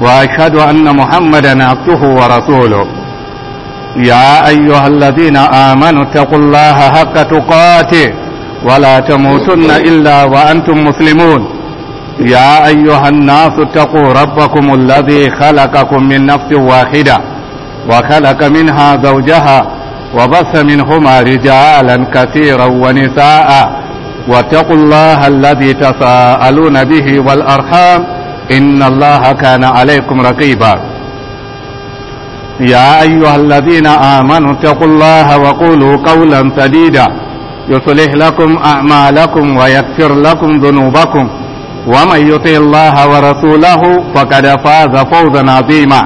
واشهد ان محمدا عبده ورسوله يا ايها الذين امنوا اتقوا الله حق تقاته ولا تموتن الا وانتم مسلمون يا ايها الناس اتقوا ربكم الذي خلقكم من نفس واحده وخلق منها زوجها وبث منهما رجالا كثيرا ونساء واتقوا الله الذي تساءلون به والارحام إن الله كان عليكم رقيبا يا أيها الذين آمنوا اتقوا الله وقولوا قولا سديدا يصلح لكم أعمالكم ويغفر لكم ذنوبكم ومن يطع الله ورسوله فقد فاز فوزا عظيما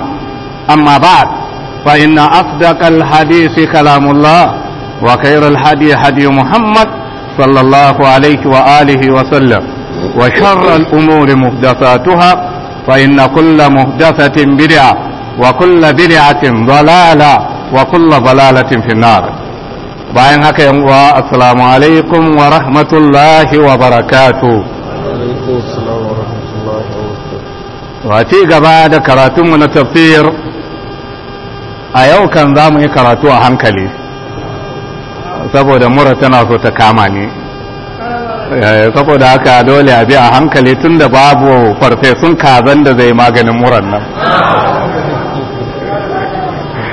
أما بعد فإن أصدق الحديث كلام الله وخير الحديث حديث محمد صلى الله عليه وآله وسلم وشر الأمور محدثاتها فإن كل محدثة بدعة وكل بدعة ضلالة وكل ضلالة في النار bayan haka yan uwa assalamu alaikum wa rahmatullahi wa barakatu wa ci gaba da karatunmu na tafsir a yau kan za mu yi karatu a hankali saboda mura tana so ta kama ni Eh, saboda haka dole a bi a hankali tun da babu farfesun kazan da zai maganin muran nan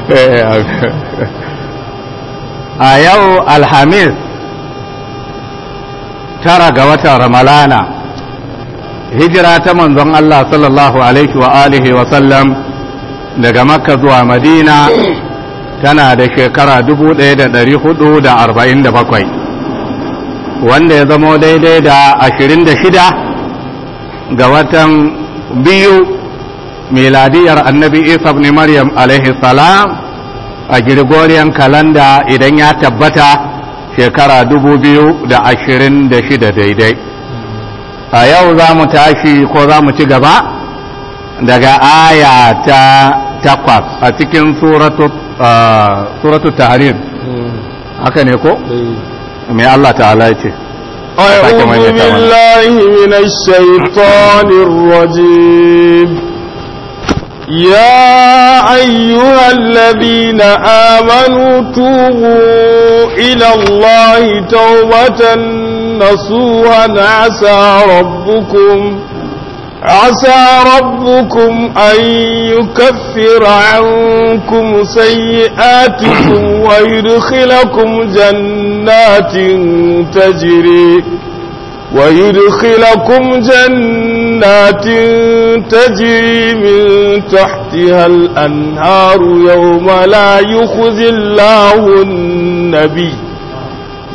eh, a yau alhamis tara ga watan ramalana hijira ta manzon Allah sallallahu alaihi wa alihi wa sallam daga makka zuwa madina tana da shekara 1447 wanda ya zamo daidai da ashirin da shida ga watan biyu miladiyar annabi isa ibn maryam alaihi salam a girgoriyan kalanda idan ya tabbata shekara dubu biyu da ashirin da shida daidai a yau za mu tashi ko za mu ci gaba daga aya ta takwas a cikin suratu uh, tahrir hmm. haka ne ko? Eh. mai الله تعالى ce أعوذ بالله من الشيطان الرجيم يا أيها الذين آمنوا توبوا إلى الله توبة نصوها عسى ربكم عسى ربكم أن يكفر عنكم سيئاتكم ويدخلكم جنات جنات تجري ويدخلكم جنات تجري من تحتها الأنهار يوم لا يخزي الله النبي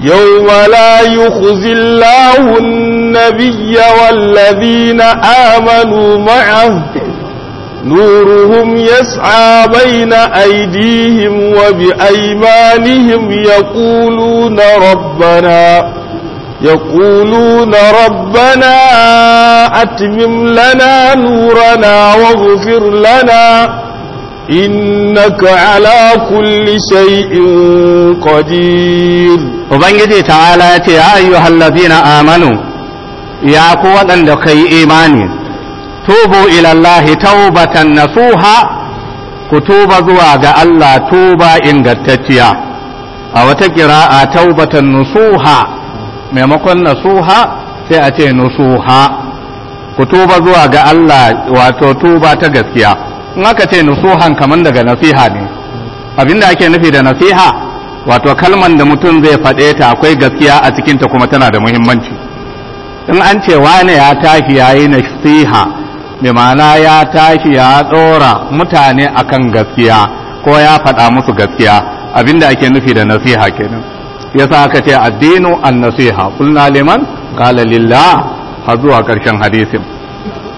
يوم لا يخزي الله النبي والذين آمنوا معه نورهم يسعى بين أيديهم وبأيمانهم يقولون ربنا يقولون ربنا أتمم لنا نورنا واغفر لنا إنك على كل شيء قدير وبنجي تعالى يا أيها الذين آمنوا يا قوة لكي إيماني tubu ilallahi taubatan nasuha ku tuba zuwa ga Allah tuba ingantacciya a wata kira'a taubatan nusuha maimakon nasuha sai a ce nusuha ku tuba zuwa ga Allah wato tuba ta gaskiya in aka ce nusuhan kamar daga nasiha ne abinda ake nufi da nasiha wato kalman da mutum zai faɗe ta akwai gaskiya a cikinta kuma tana da muhimmanci in an ce wane ya tafi yayi nasiha bi ma'ana ya tashi ya tsora mutane akan gaskiya ko ya faɗa musu gaskiya abinda ake nufi da nasiha kenan yasa aka ce addinu an nasiha kulna liman qala lillah har zuwa karshen hadisin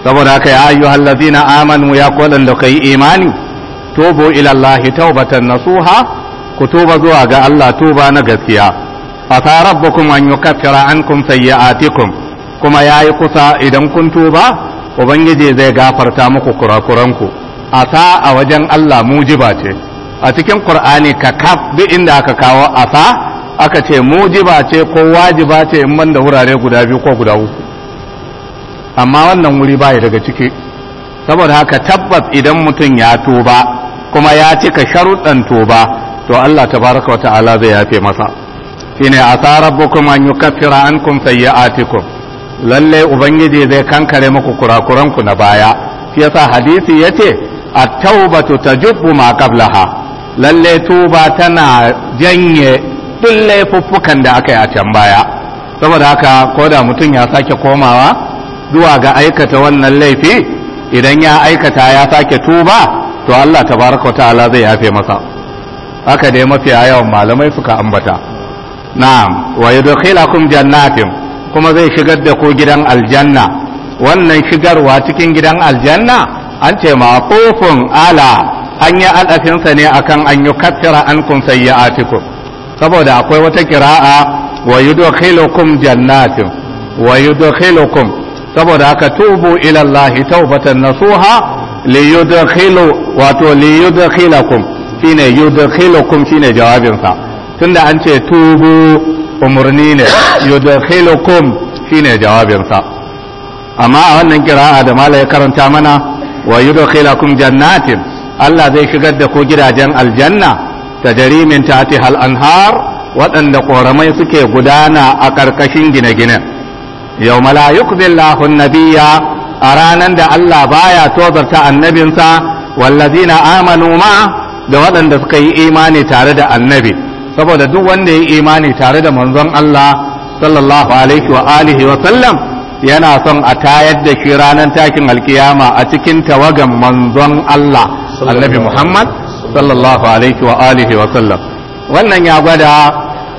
saboda haka ya ayyuhal na amanu ya kolan da kai imani tubu ila Allah taubatan nasuha ku tuba zuwa ga Allah tuba na gaskiya fasa rabbukum an yukaffira ankum sayyi'atikum kuma yayi kusa idan kun tuba ubangiji zai gafarta muku kurakuranku asa a wajen Allah mujiba ce a cikin Kur'ani ka kaf duk inda aka kawo asa aka ce mujiba ce ko wajiba ce in man da wurare guda biyu ko guda uku amma wannan wuri ya daga ciki saboda haka tabbas idan mutum ya tuba kuma ya cika sharuɗan tuba to Allah tabaraka wa ta'ala zai yafe masa shine asa rabbukum an yukaffira ankum sayyi'atikum lalle ubangiji zai kankare muku ku na baya shi yasa hadisi yace at-taubatu tajubbu ma qablaha lalle tuba tana janye duk laifuffukan da aka yi a can baya saboda haka ko da mutum ya sake komawa zuwa ga aikata wannan laifi idan ya aikata ya sake tuba to Allah tabaraka ta'ala zai yafe masa haka dai mafi yawan malamai suka ambata na'am wa yudkhilakum jannatin kuma zai shigar da ku gidan aljanna wannan shigarwa cikin gidan aljanna an ce ma, maqufun ala an yi al'afinsa ne akan an yi kattira an kun sayyi'atikum saboda akwai wata kira'a wa yudkhilukum jannatin wa yudkhilukum saboda aka tubu ilallahi taubatan tawbatan nasuha li yudkhilu wato li yudkhilakum shine shine jawabinsa tunda an ce tubu umarni ne yudakhilukum shine jawabinsa amma a wannan kira'a da mala ya karanta mana wa yudakhilukum jannatin Allah zai shigar da ku gidajen aljanna ta jarimin ta hal anhar waɗanda ƙoramai suke gudana a ƙarƙashin gine-gine yau malayuk yukzillahu nabiyya a ranar da Allah baya tozarta annabinsa wallazina amanu ma da waɗanda suka yi imani tare da annabi saboda duk wanda ya imani tare da manzon Allah sallallahu alaihi wa alihi wa sallam yana son a tayar da shi ranar takin alkiyama a cikin tawagan manzon Allah annabi Muhammad sallallahu alaihi wa alihi wa sallam wannan ya gwada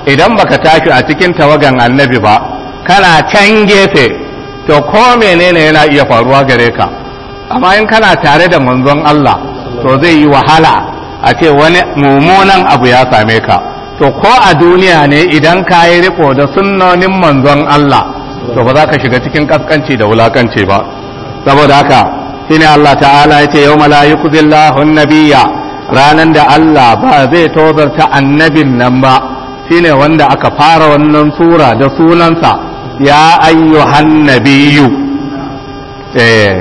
idan baka tashi a cikin tawagan annabi ba kana can gefe to ko menene yana iya faruwa gare ka amma in kana tare da manzon Allah to zai yi wahala a ce wani mummunan abu ya same ka to ko a duniya ne idan ka yi riko da sunnonin manzon Allah to ba za ka shiga cikin kaskanci da wulakanci ba saboda haka shine Allah ta'ala ya ce yawma la yukzillahu nabiyya ranan da Allah ba zai tozarta annabin nan ba shine wanda aka fara wannan sura da sunansa ya ayyuhan nabiyyu eh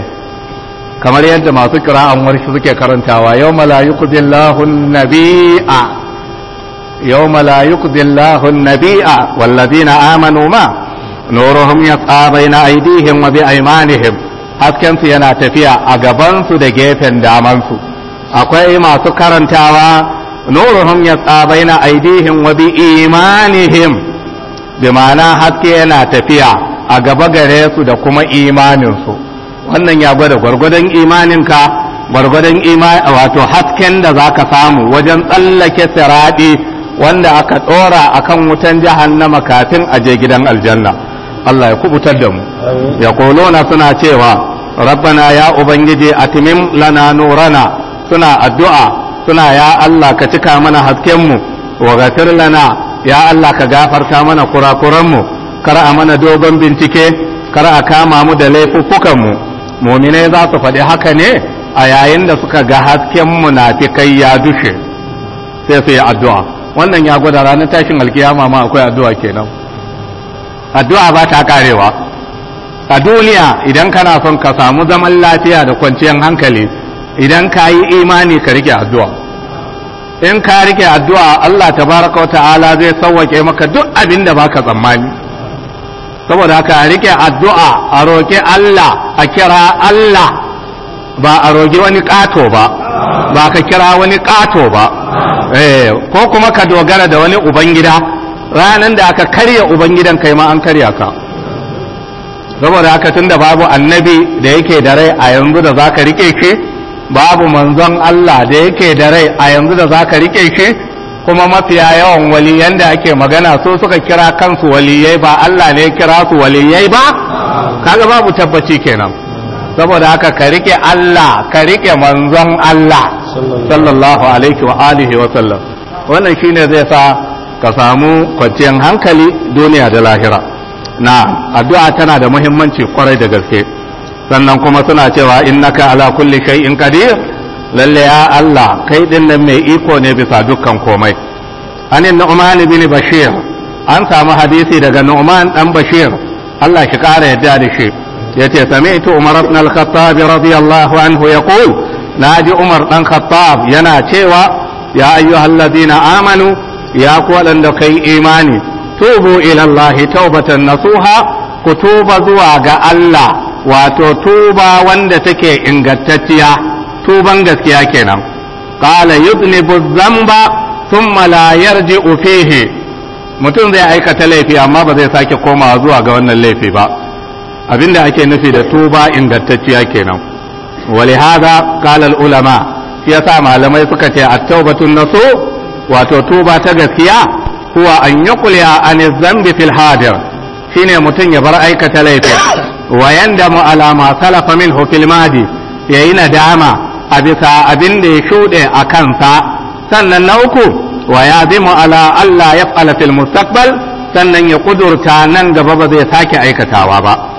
kamar yadda masu kira'an warshi suke karantawa yawma la yukzillahu nabiyya يوم لا يقضي الله النبي والذين آمنوا ما نورهم يسعى بين أيديهم وبأيمانهم su yana tafiya a gabansu da gefen damansu akwai masu karantawa nuruhum ya tsabaina aidihim wa bi imanihim bi ma'ana haske yana tafiya a gaba gare su da kuma imaninsu wannan ya gwada gwargwadon imaninka gwargwadon wato hasken da za ka samu wajen tsallake siraɗi wanda aka tsora kan wutan jahannama kafin a je gidan aljanna Allah ya kubutar da mu ya kolona suna cewa rabbana ya ubangiji atimim lana nurana suna addu'a suna ya Allah ka cika mana hasken mu wa gatir lana ya Allah ka gafarta mana kurakuran mu kar a mana dogon bincike kar a kama mu da laifukukanmu mu muminai za su faɗi haka ne a yayin da suka ga hasken kai ya dushe sai su yi addu'a wannan ya gwada ranar tashin alkiyama ma akwai addu'a kenan addu'a ba ta karewa a duniya idan kana son ka samu zaman lafiya da kwanciyar hankali idan ka yi imani ka rike addu'a in ka rike addu'a Allah tabaraka wa ta'ala zai sauwake maka duk abin da baka tsammani saboda haka rike addu'a a roƙi Allah a kira Allah ba a roƙi wani ƙato ba ba ka kira wani ƙato ba eh, ko kuma ka dogara da wani ubangida ranar da aka karya ubangidan kai ma an karya ka saboda haka tunda babu annabi da yake da rai a yanzu da za ka rike ke babu manzon Allah da yake da rai a yanzu da za ka rike ke kuma mafiya yawan waliyan da ake magana so suka kira kansu waliyai ba Allah ne kira su waliyai ba kaga babu tabbaci kenan saboda haka ka rike Allah ka rike manzon Allah sallallahu alaihi wa alihi wa sallam wannan shine zai sa ka samu kwanciyar hankali duniya da lahira na addu'a tana da muhimmanci kwarai da gaske sannan kuma suna cewa innaka ala kulli shay'in qadir lalle ya Allah kai din nan mai iko ne bisa dukkan komai anin nu'man ibn bashir an samu hadisi daga nu'man dan bashir Allah shi kara yadda da shi yace sami'tu umar ibn al-khattab radiyallahu anhu yaqul naji umar dan khattab yana cewa ya ayyuhalladhina amanu ya ku wadanda kai imani tubu ila Allah taubatan nasuha ku tuba zuwa ga Allah wato tuba wanda take ingantacciya tuban gaskiya kenan qala yudnibu dhanba thumma la yarji'u fihi mutum zai aikata laifi amma ba zai sake komawa zuwa ga wannan laifi ba Abin da ake nufi da tuba ingantacciya kenan wali hada kalal ulama ya sa malamai suka ce a taubatun nasu wato tuba ta gaskiya huwa an yuqliya an zambi fil hadir shine mutum ya bar aikata laifi wa yanda ala ma salafa min fil madi yayi nadama a bisa abin da ya shuɗe a kansa sannan na uku wa ya zimu ala Allah ya fil mustaqbal sannan ya kudurta nan gaba ba zai sake aikatawa ba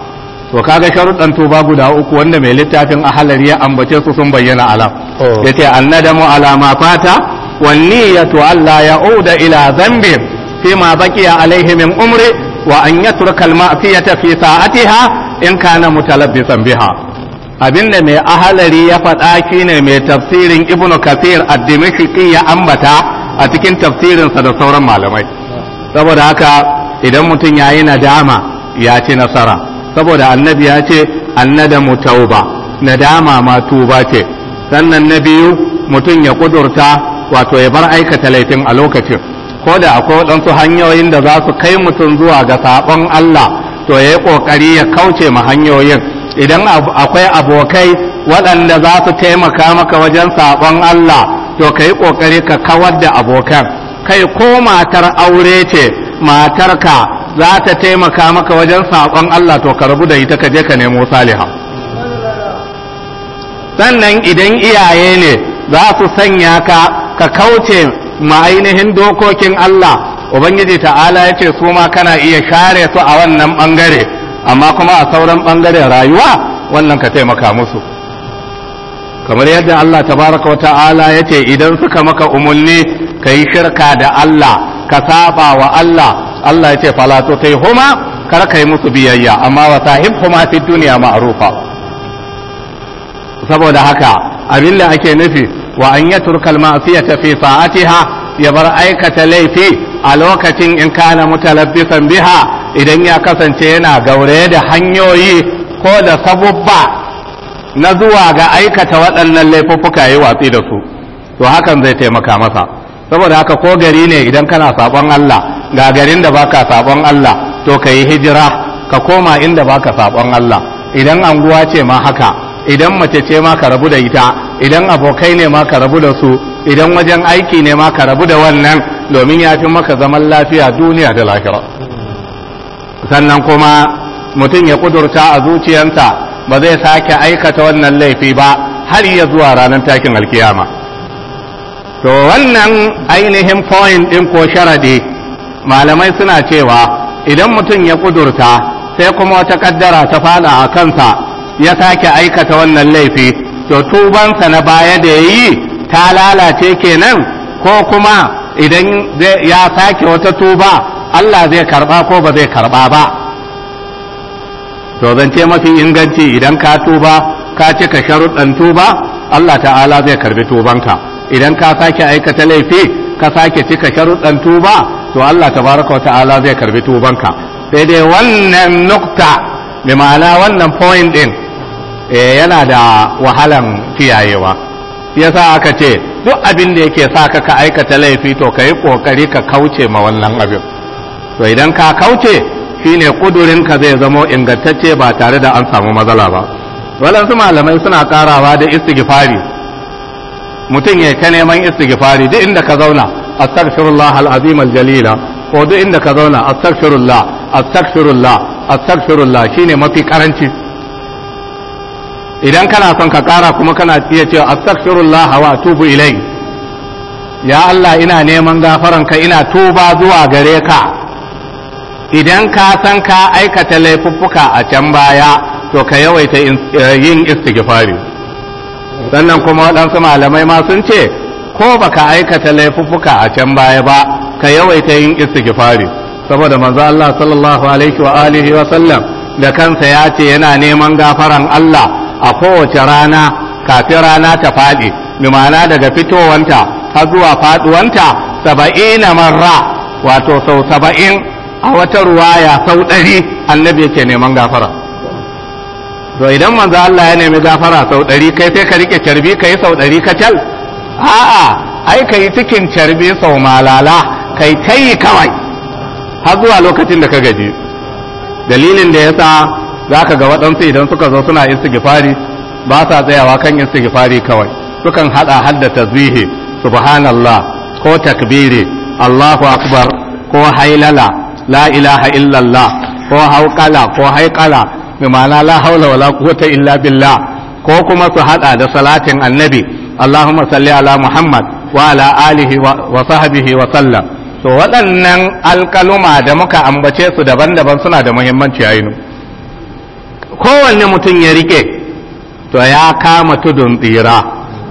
to kaga sharuɗan tuba guda uku wanda mai littafin halar ya ambace su sun bayyana alam oh. yace annadamu ala ma fata wani ya allah ya uda ila dhanbi fi ma baqiya alayhi min umri wa an yatruka al ma'siyata fi sa'atiha in kana mutalabbisan biha abinda mai ahalari ya faɗa ne mai tafsirin ibnu kafir ad-dimashqi ya ambata a cikin tafsirinsa da sauran malamai saboda haka idan mutum yayi nadama ya ci nasara saboda annabi ya ce mu tauba nadama ma tuba ce sannan na biyu mutum ya kudurta wato ya bar aikata laifin a lokacin ko da akwai waɗansu hanyoyin da za su kai mutum zuwa ga saɓon Allah to ya yi ƙoƙari ya kauce ma hanyoyin idan akwai abokai waɗanda za su taimaka maka wajen saɓon Allah to ka yi ƙoƙari ka kawar da abokan kai ko matar aure ce matar ka. za ta taimaka maka wajen saƙon Allah to ka rabu da ita ka je ka nemo saliha sannan idan iyaye ne za su sanya ka ka kauce ma ainihin dokokin Allah ubangiji ta'ala ya ce su ma kana iya share su a wannan bangare amma kuma a sauran bangaren rayuwa wannan ka taimaka musu kamar yadda Allah tabaraka wa ta'ala ya ce idan suka maka umarni ka yi shirka da Allah ka saba wa Allah Allah ya ce fala to kai huma kar kai musu biyayya amma wa sahib huma fi duniya ma'rufa saboda haka abin da ake nufi wa an yaturka al-ma'siyata fi sa'atiha ya bar aikata laifi a lokacin in kana mutalabbisan biha idan ya kasance yana gaure da hanyoyi ko da sabubba na zuwa ga aikata waɗannan laifuffuka yi watsi da su to hakan zai taimaka masa saboda haka ko gari ne idan kana sabon Allah ga garin da baka sabon Allah to ka yi hijira ka koma inda baka sabon Allah idan anguwa ce ma haka idan mace ce ma ka rabu da ita idan abokai ne ma ka rabu da su idan wajen aiki ne ma ka rabu da wannan domin ya fi maka zaman lafiya duniya da lahira sannan kuma mutum ya kudurta a zuciyarsa ba zai sake aikata wannan laifi ba har ya zuwa ranar takin alkiyama to wannan ainihin point ɗin ko sharadi malamai suna cewa idan mutum ya kudurta sai kuma wata kaddara ta fada a kansa ya sake aikata wannan laifi to tubansa na baya da ya yi ta lalace kenan ko kuma idan ya sake wata tuba Allah zai karba ko ba zai karba ba to zance mafi inganci idan ka tuba ka cika sharuɗan tuba Allah ta'ala zai karbi tubanka idan ka sake aikata laifi ka sake cika sharuɗan tuba to Allah tabaraka wa ta'ala zai karbi tubanka sai dai wannan nukta mai ma'ana wannan point din eh, yana da wahalan kiyayewa yasa aka ce duk abin da yake sa ka aikata laifi to ka yi kokari ka kauce ma wannan abin to idan ka kauce shine kudurin ka zai zama ingantacce ba tare da an samu matsala ba Walansu malamai suna karawa da istighfari mutum ya ta neman istighfari duk inda ka zauna astaghfirullah al-azim al-jalila ko duk inda ka zauna astaghfirullah astaghfirullah astaghfirullah shine mafi karanci idan kana son ka kara kuma kana iya cewa astaghfirullah wa atubu ilai ya Allah ina neman gafaranka ina tuba zuwa gare ka idan ka san ka aikata laifuffuka a can baya to ka yawaita eh, yin istighfari sannan kuma waɗansu malamai ma sun ce ko baka aikata laifuffuka a can baya ba ka yawaita yin istighfari saboda manzo Allah sallallahu alaihi wa alihi wa sallam da kansa ya ce yana neman gafaran Allah a kowace rana kafin rana ta faɗi bi ma'ana daga fitowanta har zuwa faɗuwanta saba'ina marra wato sau saba'in a wata ruwaya sau ɗari annabi yake neman gafara to idan manzo Allah ya nemi gafara sau ɗari kai sai ka rike carbi kai sau ɗari kacal a'a ai kai cikin carbi sau malala kai yi kawai har zuwa lokacin da ka gaji dalilin da yasa zaka ga waɗansu idan suka zo suna istighfari ba sa tsayawa kan istighfari kawai sukan hada da tasbihi subhanallah ko takbiri Allahu akbar ko hailala la ilaha illallah ko hauƙala ko haikala bi ma'ana la haula wala quwwata illa billah ko kuma su hada da salatin annabi Allahumma salli ala Muhammad wa ala alihi wa sahbihi wa sallam to waɗannan alkaluma da muka ambace su daban-daban suna da muhimmanci ainu kowanne mutum ya rike to ya kama tudun tsira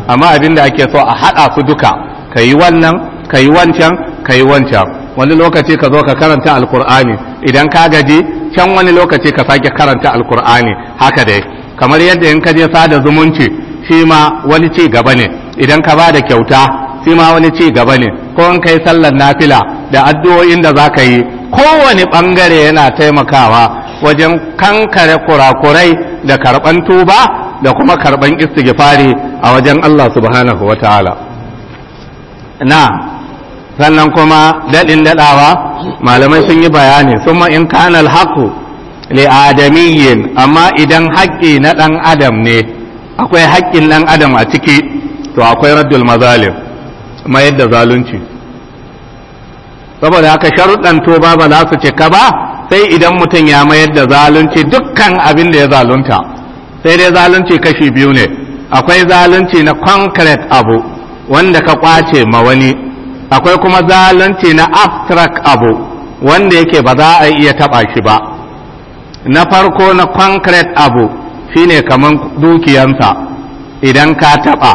amma abin da ake so a haɗa su duka ka yi wannan ka yi wancan ka yi wancan wani lokaci ka zo ka karanta alkur'ani idan ka gaji can wani lokaci ka sake karanta alkur'ani haka dai kamar yadda in ka je sada zumunci shi ma wani ci gaba ne idan ka ba da kyauta shi ma wani ci gaba ne ko in kai sallar nafila da addu'o'in da za ka yi kowane bangare yana taimakawa wajen kankare kurakurai da karɓan tuba da kuma karban istighfari a wajen Allah subhanahu wata'ala na sannan kuma daɗin daɗawa malamai sun yi bayani summa in kana alhaqu li adamiyyin amma idan haƙƙi na ɗan adam ne akwai haƙƙin ɗan adam a ciki to akwai raddul mazalim mayar da zalunci saboda haka sharuɗan toba ba za su cika ba sai idan mutum ya mayar da zalunci dukkan abin da ya zalunta sai dai zalunci kashi biyu ne akwai zalunci na concrete abu wanda ka kwace ma wani akwai kuma zalunci na abstract abu wanda yake ba za a iya taɓa shi ba na farko na concrete abu shine kamar dukiyansa idan ka taba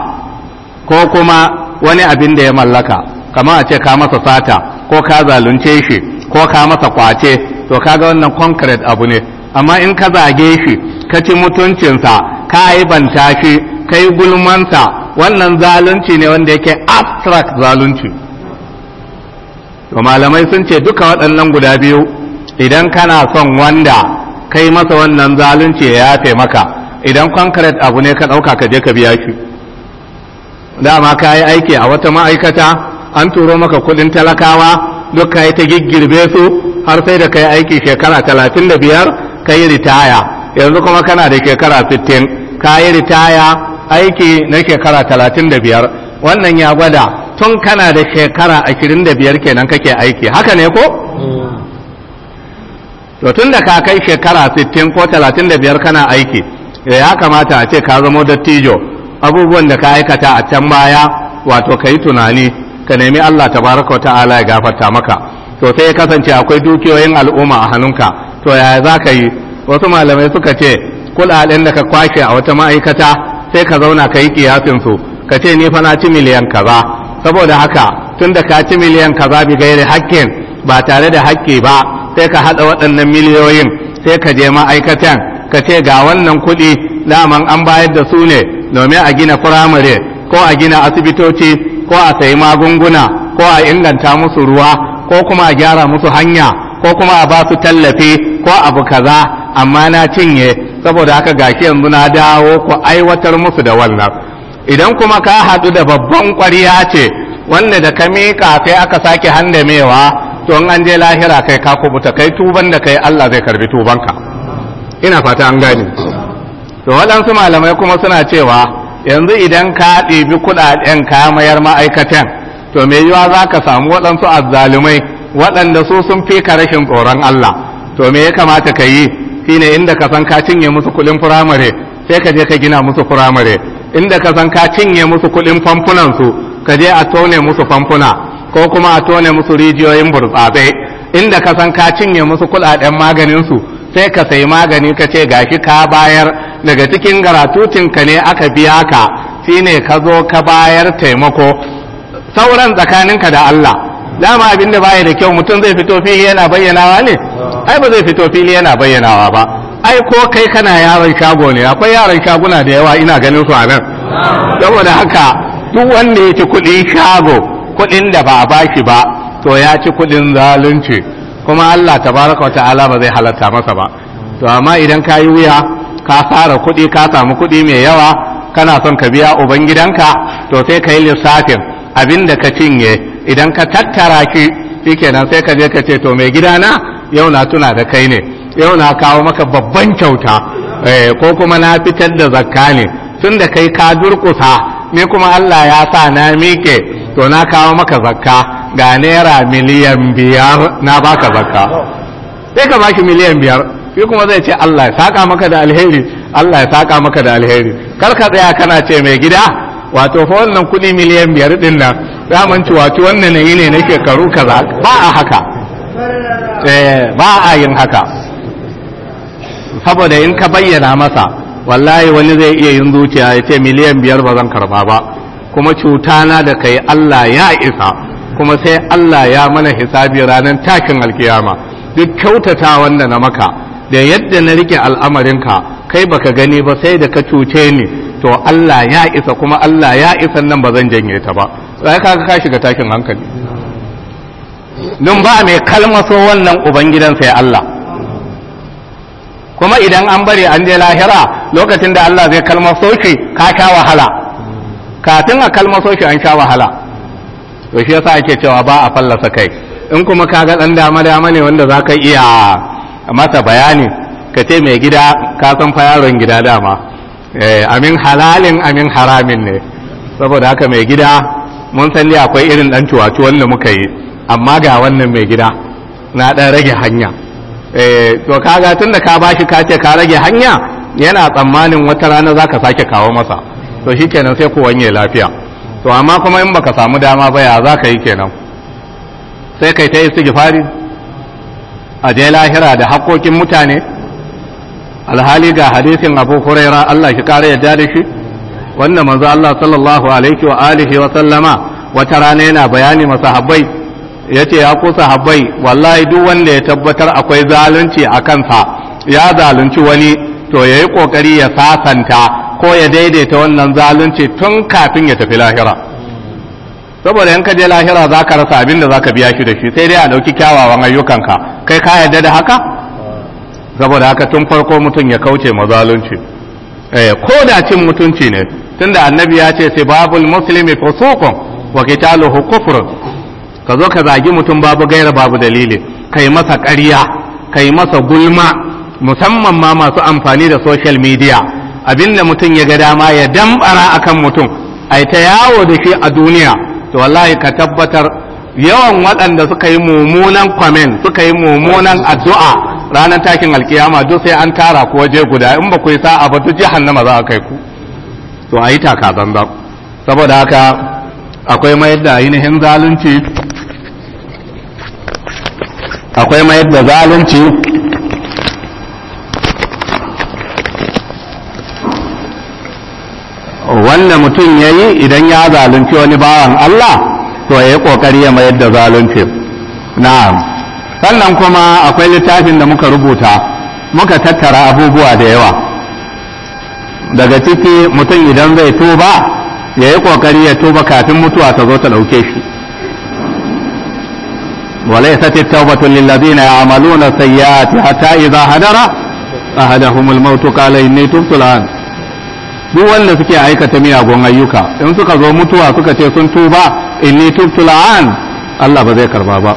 ko kuma wani abin da ya mallaka kamar a ce ka masa sata ko ka zalunce shi ko ka masa kwace to kaga wannan concrete abu ne amma in ka zage shi ka ci mutuncinsa ka yi shi ka yi gulmansa wannan zalunci ne wanda yake abstract zalunci to malamai sun ce duka waɗannan guda biyu idan kana son wanda kai masa wannan zalunci ya yafe maka idan concrete abu ne ka ɗauka ka je ka biya shi dama ka yi aiki a wata ma'aikata an turo maka kuɗin talakawa duk ka yi ta giggirbe su har sai da yi aiki shekara talatin da biyar ka yi ritaya yanzu kuma kana da shekara sittin ka yi ritaya aiki na shekara talatin da biyar wannan ya gwada tun kana da shekara ashirin da biyar kenan kake aiki haka ne ko to tun da ka kai shekara sittin ko talatin da biyar kana aiki eh, ya kamata a ce ka zamo dattijo abubuwan da ka aikata a can baya wato ka yi tunani ka nemi Allah ta tabaraka ta'ala ya gafarta maka to sai ya kasance akwai dukiyoyin al'umma a hannunka to yaya za ka yi wasu malamai suka ce kuɗaɗen da ka kwashe a wata ma'aikata sai ka zauna ka yi kiyasin su ka ce ni fa na ci miliyan kaza saboda haka tunda ka ci miliyan ka bi gairi hakkin ba tare da hakki ba sai ka haɗa waɗannan miliyoyin sai ka je ma'aikatan ka ce ga wannan kuɗi daman an bayar da su ne domin a gina firamare ko a gina asibitoci ko a sayi magunguna ko a inganta musu ruwa ko kuma a gyara musu hanya ko kuma a ba su tallafi ko abu kaza amma na cinye saboda haka gashi yanzu na dawo ku aiwatar musu da wannan idan kuma ka haɗu da babban ƙwariya ce wanda da ka miƙa sai aka sake handamewa to in an je lahira kai ka kubuta kai tuban da kai Allah zai karbi tubanka ina fata an gane to waɗansu malamai kuma suna cewa yanzu idan ka ɗibi kuɗaɗen ka mayar ma'aikatan to me yiwa za ka samu waɗansu azzalumai waɗanda su sun fi ka rashin tsoron Allah to me ya kamata ka yi shine inda ka san ka cinye musu kuɗin firamare sai ka je ka gina musu firamare inda ka san ka cinye musu kuɗin famfunansu ka je a tone musu famfuna ko kuma a tone musu rijiyoyin burtsabe, inda ka san ka cinye musu kuɗaɗen maganinsu sai ka sayi magani ka ce gashi ka bayar daga cikin ka ne aka biya ka shine ka zo ka bayar taimako sauran tsakaninka da Allah dama abin da baya da kyau mutum zai fito fili yana bayyanawa ne ai ba zai fito fili yana bayyanawa ba ai ko kai kana yaran shago ne akwai yaran shaguna da yawa ina ganin su a nan saboda haka duk wanda ya ci kuɗin shago kuɗin da ba a bashi ba to ya ci kuɗin zalunci kuma Allah tabaraka ta'ala ba zai halarta masa ba to amma idan ka yi wuya ka fara kuɗi ka samu kuɗi mai yawa kana son ka biya ubangidanka to sai ka yi lissafin abin da ka cinye idan ka tattara shi shikenan sai ka je ka ce to mai gidana yau na tuna da kai ne yau na kawo maka babban kyauta eh, ko kuma na fitar da zakka ne tun da kai ka durkusa ni kuma Allah ya sa na miƙe to na kawo maka zakka ga naira miliyan biyar na baka zakka sai ka baki miliyan biyar shi kuma zai ce Allah ya saka maka da alheri Allah ya saka maka da alheri kar ka tsaya kana ce mai gida wato fa wannan kuɗi miliyan biyar din nan zaman ci wato wannan ne nake karu kaza ba a haka eh, ba a yin haka saboda in ka bayyana masa wallahi wani zai iya yin zuciya ya ce miliyan biyar ba zan karba ba kuma cuta na da kai Allah ya isa kuma sai Allah ya mana hisabi ranar takin alkiyama duk kyautata wanda na maka da yadda na rike al'amarinka kai baka gani ba sai da ka cuce ni to Allah ya isa kuma Allah ya isa nan ba zan janye ta ba sai ka ka shiga takin hankali nun ba mai kalmaso wannan ubangidan sai Allah kuma idan an bari an je lahira lokacin da Allah zai kalmar soke ka sha wahala kafin a kalmar soke an sha wahala to shi yasa ake cewa ba a fallasa kai in kuma ka ga dan dama dama ne wanda za ka iya masa bayani ka ce mai gida ka san fa yaron gida dama eh, amin halalin amin haramin ne saboda haka mai gida mun san akwai irin dan cuwaci wanda muka yi amma ga wannan mai gida na dan rage hanya Eh, to kaga tunda ka bashi ka ce ka rage hanya yana tsammanin wata rana za zaka sake kawo masa to shi kenan sai ku ya lafiya to amma kuma in baka samu dama ba ya ka yi kenan sai kai ta yi sigifari a je lahira da hakokin mutane alhali ga hadisin Abu Huraira Allah shi kare ya da shi wannan manzo Allah sallallahu alaihi wa alihi wa sallama wata rana yana bayani masahabbai ya ce ya kusa sahabbai wallahi duk wanda ya tabbatar akwai zalunci a kansa ya zalunci wani to ya yi ƙoƙari ya sasanta ko ya daidaita wannan zalunci tun kafin ya tafi lahira saboda in ka je lahira za ka rasa abin da za ka biya shi da shi sai dai a ɗauki kyawawan ayyukanka kai ka yarda da haka saboda haka tun farko mutum ya kauce ma zalunci eh, ko da cin mutunci ne tunda annabi ya ce sibabul muslimi fusuqun wa qitaluhu kufrun ka zo ka zagi mutum babu gaira babu dalili kai masa ƙarya kai masa gulma musamman ma masu amfani da social media abinda mutum ya ga dama ya a kan mutum ai ta yawo da shi a duniya to wallahi ka tabbatar yawan waɗanda suka yi mummunan kwamen suka yi mummunan addu'a ranar takin alkiyama duk sai an tara ko waje guda in ba ku yi sa'a ba duk jihannama za a kai ku to a yi taka zanzan saboda haka akwai mayar da ainihin zalunci akwai mayar da zalunci wanda mutum ya yi idan ya zalunci wani bawan Allah to ya yi ƙoƙari ya mayar da zalunci na'am sannan kuma akwai littafin da muka rubuta muka tattara abubuwa da yawa daga ciki mutum idan zai tuba ya yi ƙoƙari ya tuba kafin mutuwa ta zo ta ɗauke shi وليست التوبة للذين يعملون السيئات حتى إذا حضر أحدهم الموت قال إني تبت الآن duk wanda suke aikata miyagun ayyuka in suka zo mutuwa suka ce sun tuba In ni tubtu la'an Allah ba zai karba ba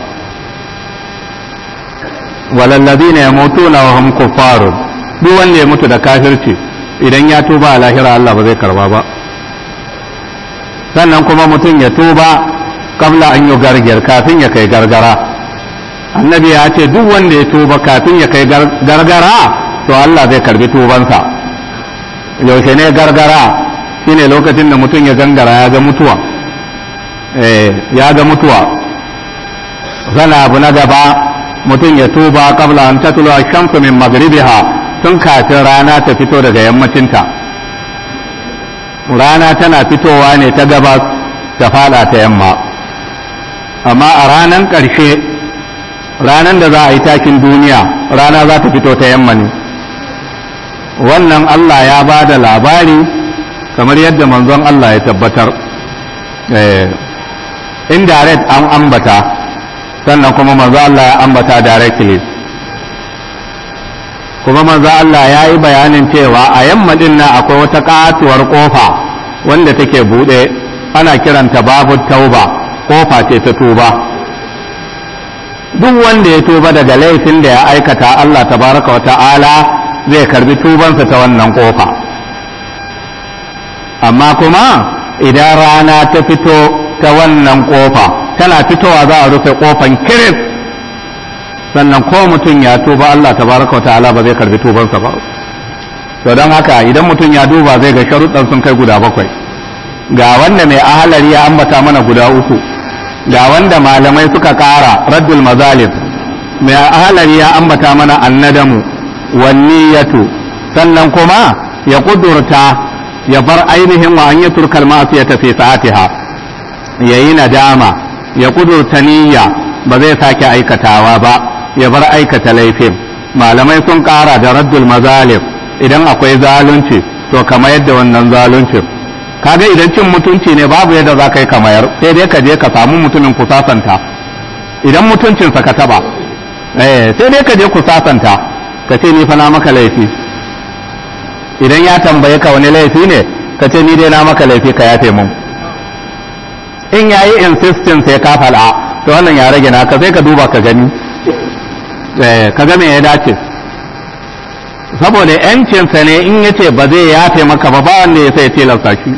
Walallazi walallazina mutu na hum kuffarun duk wanda ya mutu da kafirci idan ya tuba a lahira Allah ba zai karba ba sannan kuma mutum ya tuba kabla an yi gargiyar kafin ya kai gargara annabi ya ce duk wanda ya tuba kafin ya kai gargara to Allah zai karbi tubansa yaushe ne gargara shine lokacin da mutum ya gangara ya ga mutuwa eh, ya ga mutuwa zana abu na gaba mutum ya tuba kabla an tatulu shamsu min magribiha tun kafin rana ta fito daga yammacinta rana tana fitowa ne ta gaba ta fada ta yamma amma a ranan ƙarshe ranan da za a yi takin duniya rana za ta fito ta yamma ne wannan Allah ya ba da labari kamar yadda manzon Allah ya tabbatar eh, indirect an ambata sannan kuma manzo Allah ya ambata directly kuma manzo Allah ya yi bayanin cewa a yamma din akwai wata katuwar kofa wanda take buɗe ana kiranta babu tauba kofa ce ta tuba duk wanda ya tuba daga laifin da ya aikata Allah tabaraka wa ta'ala zai karbi tubansa ta wannan kofa amma kuma idan rana ta fito ta wannan kofa tana fitowa za a rufe kofan kirif sannan ko mutum ya tuba Allah tabaraka wa ta'ala ba zai karbi tubansa ba to don haka idan mutum ya duba zai ga sharuɗan sun kai guda bakwai ga wanda mai ahalari ya ambata mana guda uku Da wanda malamai suka ƙara raddul mazalim mai ahalari ya ambata mana annadamu wanniyatu sannan kuma ya kudurta ya bar ainihin wa an yi masu ya tafi sa'atiha ya yi nadama ya kudurta niyya ba zai sake aikatawa ba ya bar aikata laifin malamai sun ƙara da raddul mazalim idan akwai zalunci to kamar yadda wannan zaluncin kaga idan cin mutunci ne babu yadda za ka yi kamayar sai dai ka je ka samu mutumin ku sasanta idan mutuncinsa ka taba eh sai dai ka je ku sasanta ka ce ni fa na maka laifi idan ya tambaye ka wani laifi ne ka ce ni dai na maka laifi ka yafe mun in yayi insistence ya kafala to wannan ya rage naka sai ka duba ka gani eh ka ga me ya dace saboda yancinsa ne in yace ba zai yafe maka ba ba wanda ya sai tilasta shi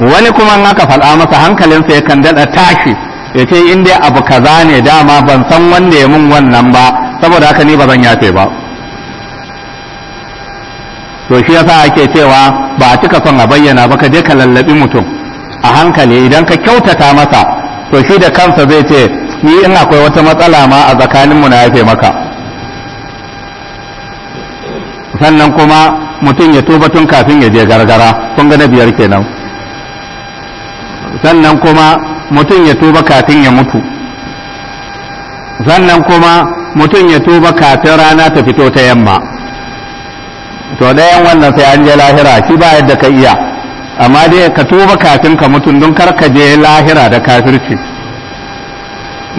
wani kuma in aka faɗa masa hankalinsa ya kan daɗa tashi ya ce in dai abu kaza ne dama ban san wanda ya mun wannan ba saboda haka ni ba zan yafe ba to shi yasa ake cewa ba a cika son a bayyana ba ka je ka lallabi mutum a hankali idan ka kyautata masa to shi da kansa zai ce ni in akwai wata matsala ma a tsakaninmu na yafe maka sannan kuma mutum ya tuba tun kafin ya je gargara kun ga na biyar kenan sannan kuma mutum ya tuba kafin ya mutu sannan kuma mutum ya tuba kafin rana ta fito ta yamma to ɗayan wannan sai an je lahira shi ba yadda ka iya amma dai ka tuba kafin ka mutum don kar ka je lahira da kafirci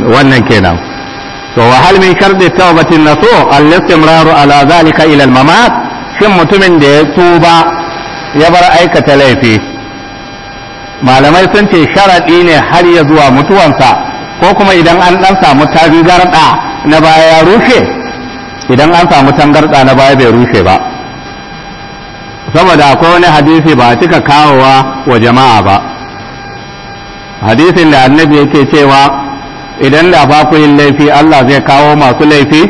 wannan kenan to wa hal min kardi na so al-istimraru ala zalika ila al-mamat shin mutumin da ya tuba ya bar aikata laifi malamai sun ce sharaɗi ne har ya zuwa mutuwansa ko kuma idan an ɗan samu tangarɗa na baya ya rushe idan an samu tangarɗa na baya bai rushe ba saboda akwai wani hadisi ba cika kawowa wa jama'a ba hadisin da annabi yake cewa idan da ba ku yin laifi Allah zai kawo masu laifi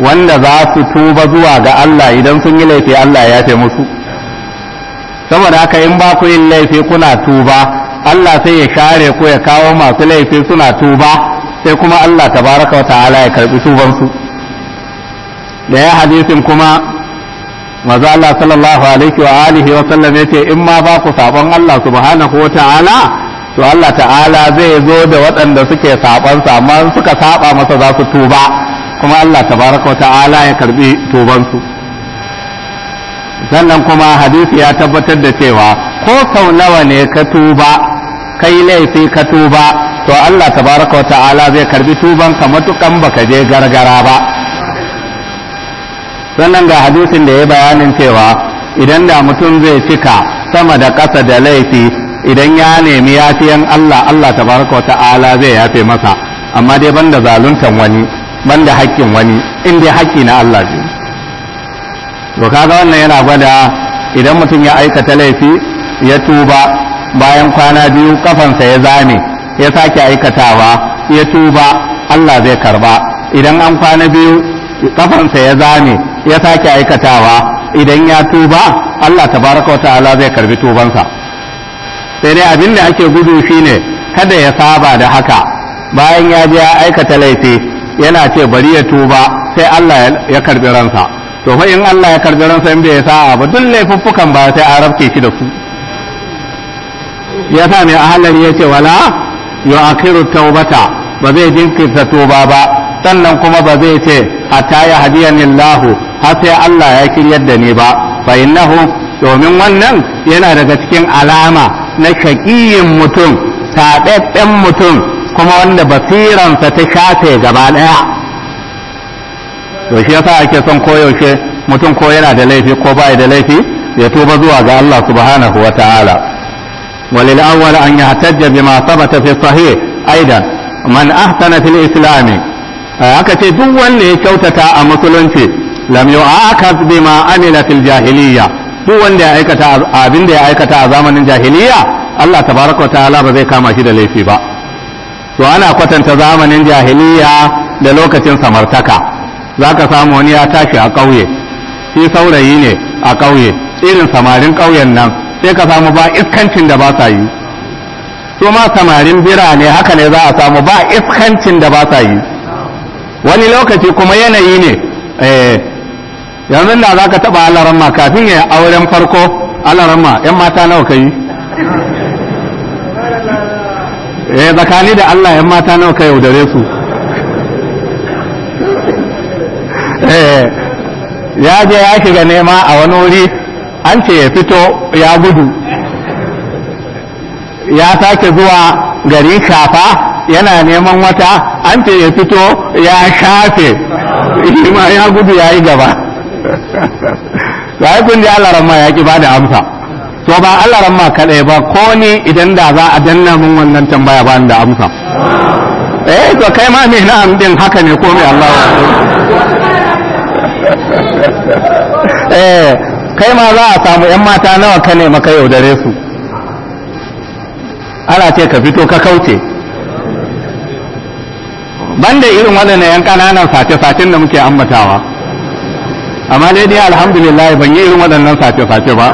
wanda za su tuba zuwa ga Allah idan sun yi laifi Allah ya musu saboda haka in ba ku yin laifi kuna tuba Allah sai ya share ku ya kawo masu laifi suna tuba sai kuma Allah tabaraka wa ta'ala ya karbi tubansu da ya hadisin kuma maza Allah sallallahu alaihi wa alihi wa sallam yace in ma ba ku sabon Allah subhanahu wa ta'ala to Allah ta'ala zai zo da waɗanda suke saban sa amma suka saba masa za su tuba kuma Allah tabaraka wa ta'ala ya karbi tubansu sannan kuma hadisi ya tabbatar da cewa ko sau nawa ne ka tuba kai laifi ka tuba to Allah tabaraka ta'ala zai karbi tuban ka matukan baka je gargara ba sannan ga hadisin da ya bayanin cewa idan da mutum zai cika sama da ƙasa da laifi idan ya nemi yafiyan Allah Allah tabaraka ta'ala zai yafe masa amma dai banda zaluntan wani banda haƙƙin wani in dai haƙƙi na Allah ne to kaga wannan yana gwada idan mutum ya aikata laifi ya tuba bayan kwana biyu kafansa ya zame ya sake aikatawa ya tuba Allah zai karba idan an kwana biyu kafansa ya zame ya sake aikatawa idan ya tuba Allah tabaraka wa ta'ala zai karbi tubansa sai dai abin da ake gudu shine kada ya saba da haka bayan ya je ya aikata laifi yana ce bari ya tuba sai Allah ya karbi ransa to fa in Allah ya karɓi ransa in bai sa'a ba duk laifuffukan ba sai an shi da su ya sa mai ahalari ya ce wala a akiru taubata ba zai jinkirta toba ba sannan kuma ba zai ce ta ya hadiyani har sai Allah ya kiryar da ni ba fa innahu domin wannan yana daga cikin alama na shaƙiyin mutum taɗaɗɗen mutum kuma wanda basiransa ta shafe gaba ɗaya to shi yasa ake son koyaushe mutum ko yana da laifi ko bai da laifi ya tuba zuwa ga Allah subhanahu wa ta'ala walil awwal an yahtajja bima thabata fi sahih aidan man ahsana fil islam aka ce duk wanda ya kyautata a musulunci lam yu'akaz bima amila fil jahiliya duk wanda ya aikata abin da ya aikata a zamanin jahiliya Allah tabaraka wa ta'ala ba zai kama shi da laifi ba to ana kwatanta zamanin jahiliya da lokacin samartaka za ka samu wani ya tashi a ƙauye shi saurayi ne a ƙauye irin samarin ƙauyen nan sai ka samu ba iskancin da ba sa yi su ma samarin birane haka ne za a samu ba iskancin da ba sa yi wani lokaci kuma yanayi ne eh, yanzu da za ka taɓa alarama kafin ya auren farko alarama 'yan mata nawa ka yi eh, tsakani da allah 'yan mata nawa ka yaudare su Eh, ya je ya shiga nema a wani wuri an ce ya fito ya gudu ya sake zuwa gari shafa yana neman wata an ce ya fito ya shafe ma ya gudu ya yi gaba zai kun ji Allah ma ya ki bada amsa to ba allaran ma kadai ba ko ni idan da za a danna mun wannan tambaya ba da amsa eh to kai ma me na din haka ne ko mai Allah eh kai ma za a samu yan mata nawa ka nema ka yaudare su ana ce ka fito ka kauce banda irin waɗannan yan ƙananan sace-sacen da muke ambatawa amma dai ni alhamdulillah ban yi irin waɗannan sace-sace ba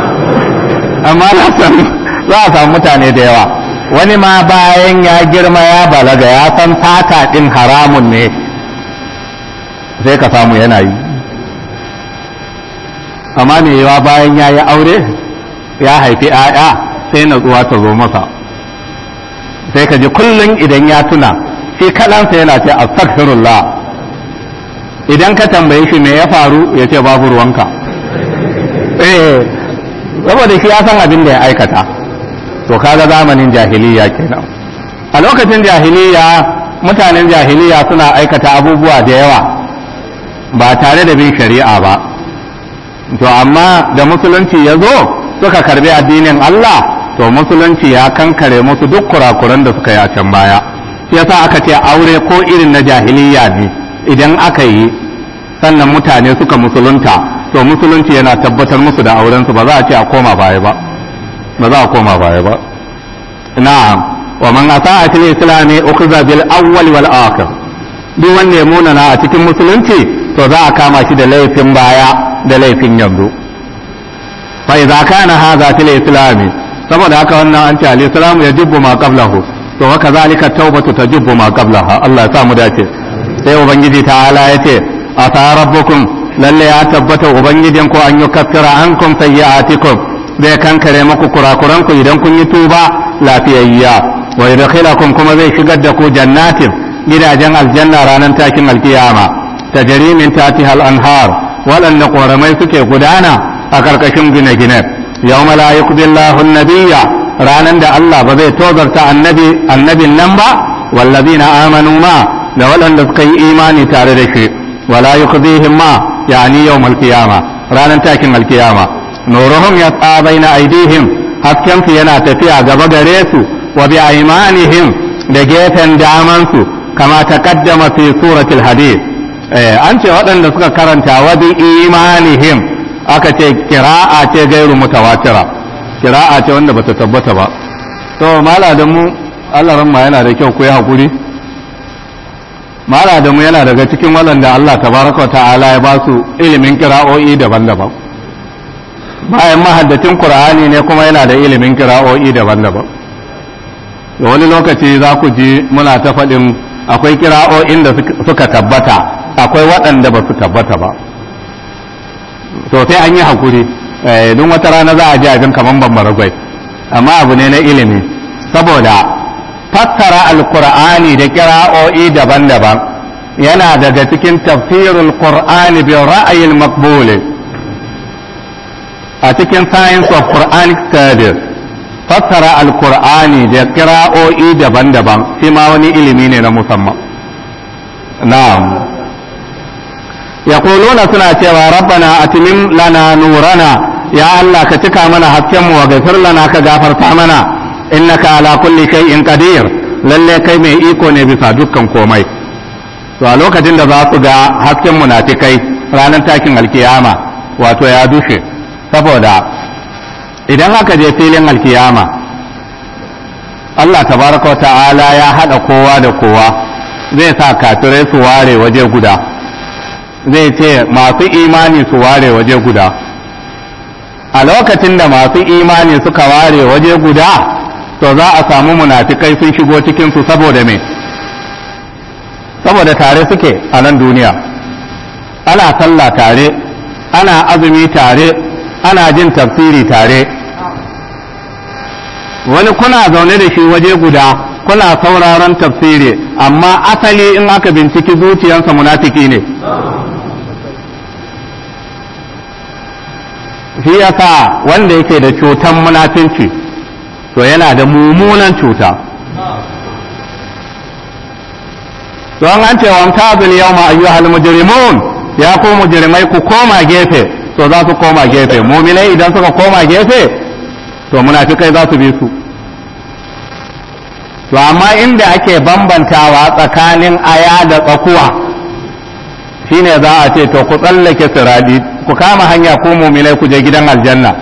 amma na san za a samu mutane da yawa wani ma bayan ya girma ya balaga ya san fata ɗin haramun ne sai ka samu yana yi amma mai yawa bayan ya yi aure ya haifi 'ya'ya sai natsuwa ta zo masa sai ka ji kullum idan ya tuna shi kaɗansa yana ce astaghfirullah idan ka tambaye shi me ya faru ya ce babu ruwanka eh saboda shi ya san abin da ya aikata to kaga zamanin jahiliya kenan a lokacin jahiliya mutanen jahiliya suna aikata abubuwa da yawa ba tare da bin shari'a ba to amma da musulunci ya zo suka karbi addinin Allah to musulunci ya kankare musu duk kurakuran da suka yi can baya yasa aka ce aure ko irin na jahiliya ne idan aka yi sannan mutane suka musulunta to musulunci yana tabbatar musu da aurensu ba za a ce a koma baya ba ba za a koma baya ba na'am bil awwal wal akhir duk wanda ya munana a cikin musulunci? to za a kama shi da laifin baya da laifin yanzu fa idza kana hadha fil islam saboda haka wannan an ce al islam jibbu ma qablahu to wa kadhalika tawbatu tajibbu ma qablaha Allah ya sa mu dace sai ubangiji ta'ala yace asa rabbukum lalle ya tabbata ubangijin ko an yi yukaffira ankum sayyi'atikum zai kankare muku kurakuranku idan kun yi tuba lafiyayya wa yadkhilakum kuma zai shigar da ku jannatin gidajen aljanna ranar takin alkiyama tajri min tatiha al-anhar waɗanda ƙoramai suke gudana a ƙarƙashin gine-gine yawma la yuqdi Allahu nabiyya ranan da Allah ba zai tozarta annabi annabin nan ba wallazina amanu ma da waɗanda suka yi imani tare da shi wala yuqdihim ma yani yau qiyama ranan takin alkiyama nuruhum yas'a baina aydihim hasken su yana tafiya gaba gare su wa bi aymanihim da gefen daman damansu kama taqaddama fi suratul hadis. Eh, an ce waɗanda suka karanta wajen imanihim aka ce kira'a ce gairu mutawatira kira'a ce wanda bata tabbata ba to malamin mu Allah ranma yana da kyau ku yi hakuri malamin mu yana daga cikin waɗanda Allah tabaraka ta'ala ya ba su ilimin kira'o'i daban-daban bayan mahaddacin Qur'ani ne kuma yana da ilimin kira'o'i daban-daban wani lokaci za ku ji muna ta faɗin akwai kira'o'in da suka tabbata akwai waɗanda ba su tabbata ba to sai an yi hakuri eh, don wata rana za a ji abin kaman bambara gwai amma abu ne na ilimi saboda fassara alkur'ani da kira'o'i daban-daban yana daga cikin tafsirul qur'ani bi ra'ayil maqbul a cikin science of quranic studies fassara alkur'ani da kira'o'i daban-daban shi ma wani ilimi ne na musamman na'am yaquluna suna cewa rabbana atimim lana nurana ya Allah ka cika mana hasken mu wa gafir lana ka gafarta mana na kala kulli in qadir lalle kai mai iko ne bisa dukkan komai to a lokacin da za su ga hasken munafikai ranar takin alkiyama wato ya dushe saboda idan aka je filin alkiyama Allah tabaraka wa ta'ala ya hada kowa da kowa zai sa kafirai su ware waje guda zai ce masu imani su ware waje guda a lokacin da masu imani suka ware waje guda to za a samu munafikai sun shigo cikinsu saboda me saboda tare suke a nan duniya ana sallah tare ana azumi tare ana jin tafsiri tare wani kuna zaune da shi waje guda kuna sauraron tafsiri amma asali in aka binciki zuciyarsa munafiki ne shi yasa wanda yake da cutan munafinci to yana da mummunan cuta don an ce wanka bil yawma ayyuhal mujrimun ya ku mujrimai ku koma gefe to za su koma gefe muminai idan suka koma gefe to munafikai za su bi su to amma inda ake bambantawa tsakanin aya da tsakuwa shine za a ce to ku tsallake siradi ku kama hanya ko muminai ku je gidan aljanna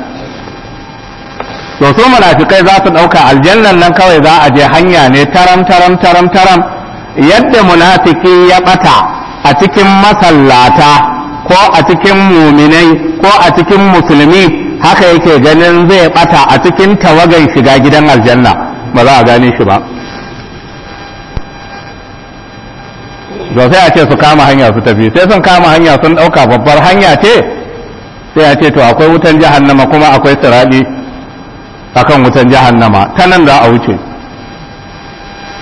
to su munafikai za su ɗauka aljannan nan kawai za a je hanya ne taram taram taram taram yadda munafiki ya ɓata a cikin masallata ko a cikin muminai ko a cikin musulmi haka yake ganin zai ɓata a cikin tawagan shiga gidan aljanna ba za a gane shi ba ba sai a ce su kama hanya su tafi sai sun kama hanya sun ɗauka babbar hanya ce sai a ce to akwai wutan jahannama kuma akwai sirali akan wutan jahannama ta nan za a wuce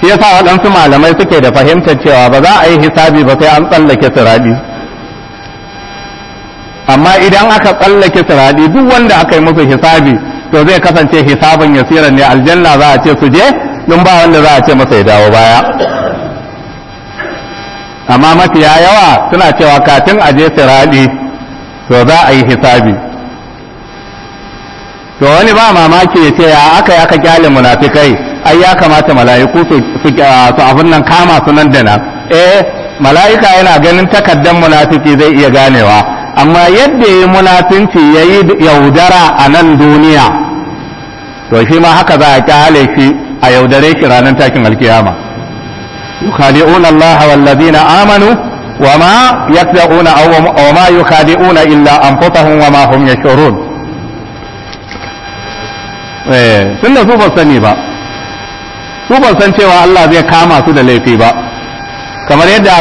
shi sa waɗansu malamai suke da fahimtar cewa ba za a yi hisabi ba sai an tsallake sirali amma idan aka tsallake sirali duk wanda aka yi musu hisabi to zai kasance hisabin yasiran ne aljanna za a ce su je don ba wanda za a ce masa ya dawo baya amma mafiya yawa suna cewa katin aje sirali to za a yi hisabi to wani ba mamaki ya ce ya aka yi aka kyale munafikai ai ya kamata mala'iku su abin nan kama su nan da nan eh mala'ika yana ganin takaddan munafiki zai iya ganewa amma yadda ya yi munafinci ya yi yaudara a nan duniya to shi ma haka za a kyale shi a yaudare shi ranar takin alkiyama يخادعون الله والذين آمنوا وما يخدعون أو وما يخادعون إلا أنفسهم وما هم يشعرون tun da su ba sani ba su ba san cewa Allah zai kama su da laifi ba kamar yadda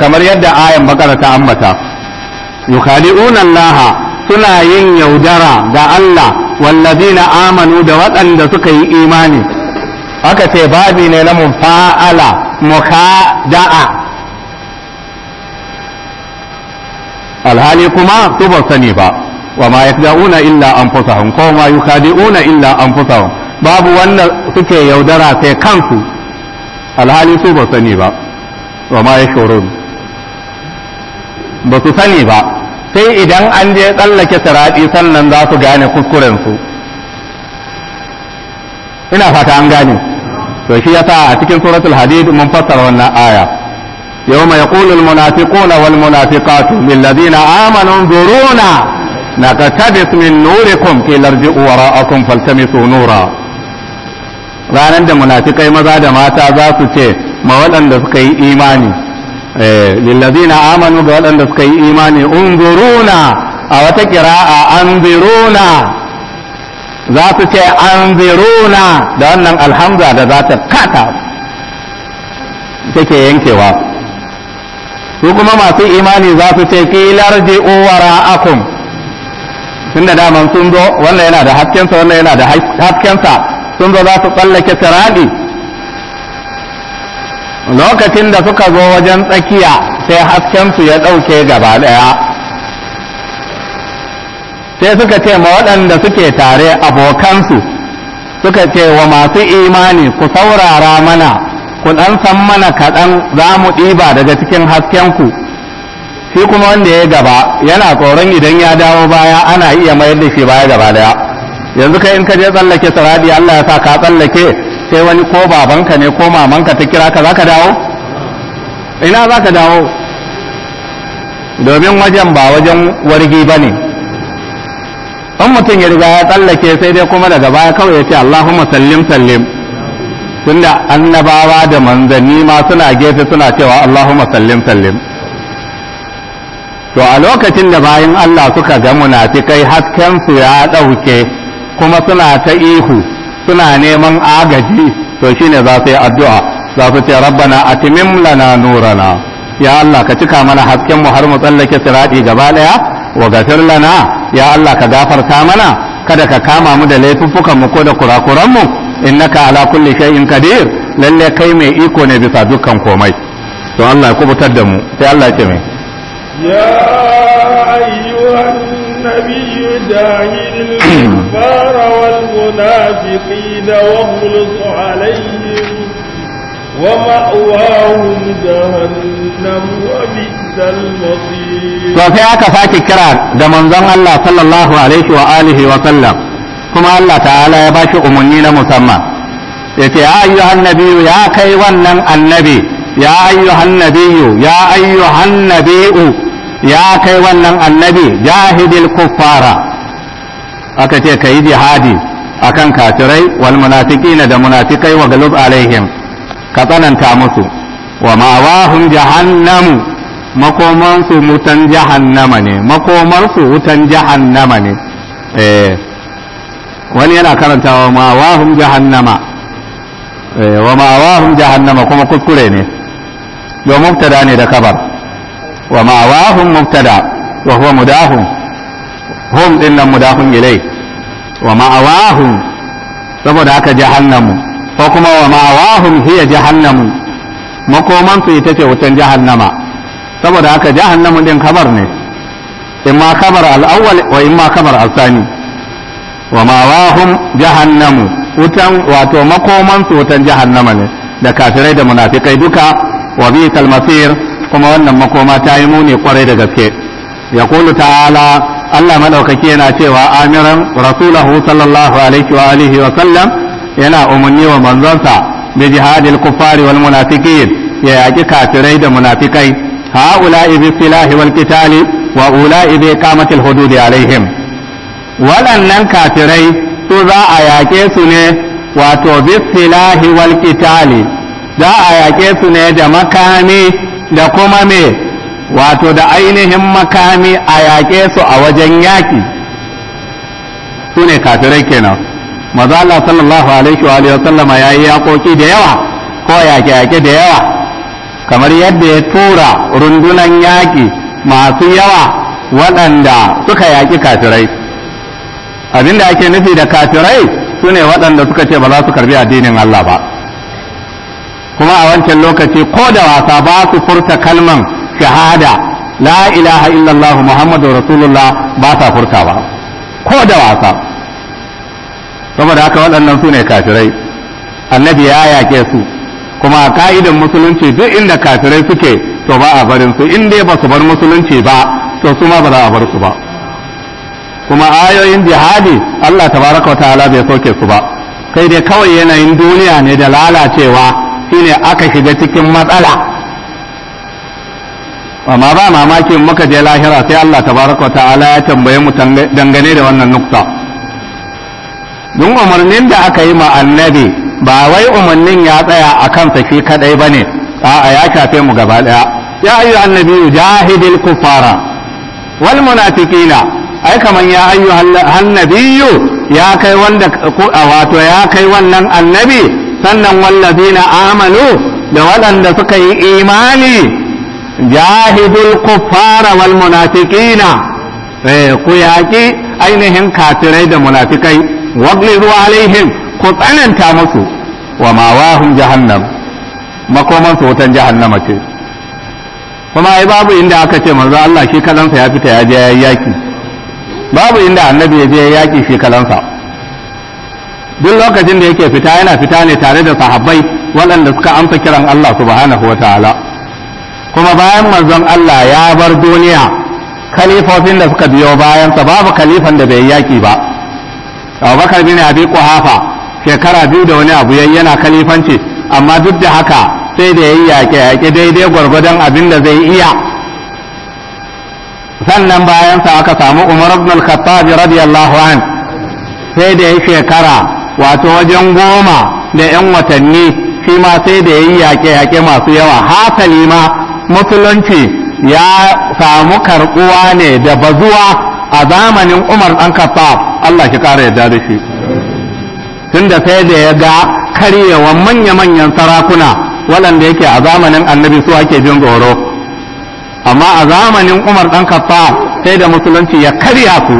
kamar yadda ayan bakara ta ambata yukhadi'una Allah suna yin yaudara ga Allah wallazina amanu da waɗanda suka yi imani haka ce babi ne na muka da'a. alhali kuma su ban sani ba wa ma una illa an anfusahum ko ma una illa an anfusahum babu wanda suke yaudara sai kansu alhali su ba sani ba wa ma shoron? ba su sani ba sai idan an je tsallake sirati sannan za su gane kuskurensu ina fata an gane to shi yasa a cikin suratul hadid mun fassara wannan aya يوم يقول المنافقون والمنافقات للذين آمنوا انظرونا نقتبس من نوركم قيل ارجعوا وراءكم فالتمسوا نورا ranar da munafikai maza da mata za su ce ma waɗanda suka yi imani eh, lillazina amanu ga waɗanda suka yi imani unzuruna a wata kira'a anziruna za su ce an ziruna da wannan alhamza da za ta kata take yankewa su kuma masu imani za su ce filar uwara akum sun da daman sun zo wannan yana da haskensa wannan yana da haskensa sun zo za su tsallake siradi lokacin da suka zo wajen tsakiya sai haskensu ya ɗauke gaba ɗaya sai suka ce ma waɗanda suke tare abokansu suka ce wa masu imani ku saurara mana ku ɗan san mana kaɗan za mu ɗiba daga cikin haskenku shi kuma wanda ya gaba yana tsoron idan ya dawo baya ana iya mayar da shi baya gaba daya yanzu kai in ka je tsallake saradi Allah ya sa ka tsallake sai wani ko babanka ne ko mamanka ta kira ka zaka dawo ina zaka dawo domin wajen ba wajen wargi bane in mutum ya riga ya tsallake sai dai kuma daga baya kawai ya ce Allahumma sallim sallim tunda annabawa da manzanni ma suna gefe suna cewa Allahumma sallim sallim to a lokacin da bayan Allah suka ga munafikai hasken su ya ɗauke kuma suna ta ihu suna neman agaji to shine za su yi addu'a za su ce rabbana atimim lana nurana ya Allah ka cika mana hasken mu har mu tsallake siradi gaba daya wa lana ya Allah ka gafarta mana kada ka kama mu da laifuffukan mu ko da kurakuran mu innaka ala kulli shay'in qadir lalle kai mai iko ne bisa dukkan komai to Allah ya kubutar da mu sai Allah ya ce mai ya ayyuhan nabiyyu da'il wal munafiqina wa khulqu ومأواهم جهنم وبئس المصير وفي أكا فاكي كرار ده منظم الله صلى الله عليه وآله وسلم كما الله تعالى يباشي أمنين مسمى يتي يا أيها النبي يا كيوان النبي يا أيها النبي يا أيها النبي يا كيوان النبي جاهد الكفار أكتي كيدي هادي أكن كاتري والمنافقين ده منافقين وغلب عليهم ka tsananta musu wa ma'awahum jahannamu makomansu wutan jahannama ne makomarsu wutan jahannama ne eh wani yana karanta wa ma'awahum jahannama eh wa ma'awahum jahannama kuma kuskure ne yo mubtada ne da kabar wa ma'awahum mubtada wa huwa mudahum hum dinnan mudahum ilai wa ma'awahum saboda haka jahannamu ko kuma wa ma'awahun hiya jahannamu makoman su ita ce wutan jahannama saboda haka jahannamu din kabar ne In ma al al'awwal, wa in ma kabar al-thani wa ma'awahum jahannamu wutan wato makomansu su wutan jahannama ne da kafirai da munafikai duka wa bi masir kuma wannan makoma ta yi muni kwarai da gaske yaqulu ta'ala Allah madaukaki yana cewa amiran rasulahu sallallahu alaihi wa alihi wa sallam yana umarni wa manzonsa bi jihadil kufari wal munafiqin ya yaki kafirai da munafikai ha'ula'i bi silahi wal qitali wa ula'i bi qamatil hudud alaihim waɗannan kafirai su za a yaƙe su ne wato bi silahi wal qitali za a yaƙe su ne da makami da kuma me wato da ainihin makami a yaƙe su a wajen yaƙi su ne kafirai kenan maza Allah sallallahu alaihi wa sallama ya yi yaƙoƙi da yawa ko yaƙe-yaƙe da yawa kamar yadda ya tura rundunan yaƙi masu yawa waɗanda suka yaƙi kafirai abinda ake nufi da kafirai su ne waɗanda suka ce ba za su karbi addinin Allah ba kuma a wancan lokaci ko da wasa ba su furta kalman shahada la ilaha illallah muhammadu rasulullah ba sa ba, ko da wasa saboda haka waɗannan su ne kafirai annabi ya yake su kuma a ka'idan musulunci duk inda kafirai suke to ba a barin su in dai ba su bar musulunci ba to su ma ba za a bar su ba kuma ayoyin jihadi Allah tabaraka wa ta'ala bai soke su ba sai dai kawai yanayin duniya ne da lalacewa shine aka shiga cikin matsala amma ba mamakin muka je lahira sai Allah tabaraka wa ta'ala ya tambaye mu dangane da wannan nukta Dun umarnin da aka yi ma annabi ba wai umarnin ya tsaya a kansa shi kadai ba ne a'a ya shafe mu gaba daya ya ayyu annabi jahidil kufara wal munafiqina ai kaman ya ayyu annabi ya kai wanda a wato ya kai wannan annabi sannan wallazina amanu da waɗanda suka yi imani jahidul kufara wal munafiqina eh, ku yaki ainihin kafirai da munafikai واغلظوا عليهم كتن انت مسو وماواهم جهنم makoman su wutan ce kuma ai babu inda aka ce manzo Allah shi kalansa ya fita ya je ya yaki babu inda annabi ya je ya yaki shi kalansa duk lokacin da yake fita yana fita ne tare da sahabbai waɗanda suka amsa kiran Allah subhanahu wataala kuma bayan manzon Allah ya bar duniya kalifofin da suka biyo bayansa babu kalifan da bai yaki ba abubakar bin abi kuhafa shekara biyu da wani abu yayi yana kalifanci amma duk da haka sai da yayi yaƙe yaƙe daidai gwargwadon abin da zai iya sannan bayan sa aka samu umar ibn al-khattab radiyallahu an sai da yayi shekara wato wajen goma da yan watanni shi ma sai da yayi yaƙe yaƙe masu yawa hasali ma musulunci ya samu karɓuwa ne da bazuwa a zamanin umar ɗan khattab Allah ki kara yarda da shi tunda sai da ya ga karyewa manya-manyan sarakuna waɗanda yake a zamanin annabi su ake jin tsoro amma a zamanin umar ɗan kafa sai da musulunci ya karya su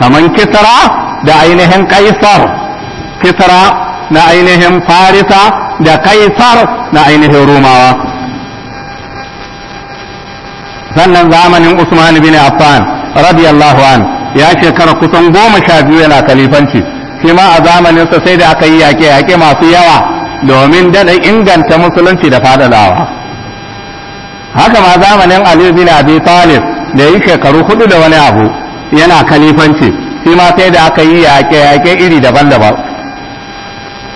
kamar kisra da ainihin kaisar kisra na ainihin farisa da kaisar na ainihin rumawa sannan zamanin usman bin affan radiyallahu anhu. ya shekara kusan goma sha biyu yana kalifanci shi ma a zamaninsa sai da aka yi yaƙe-yaƙe masu yawa domin daɗa inganta musulunci da fadadawa haka ma zamanin Ali bin Abi Talib da yi shekaru hudu da wani abu yana kalifanci shi ma sai da aka yi yaƙe-yaƙe iri daban-daban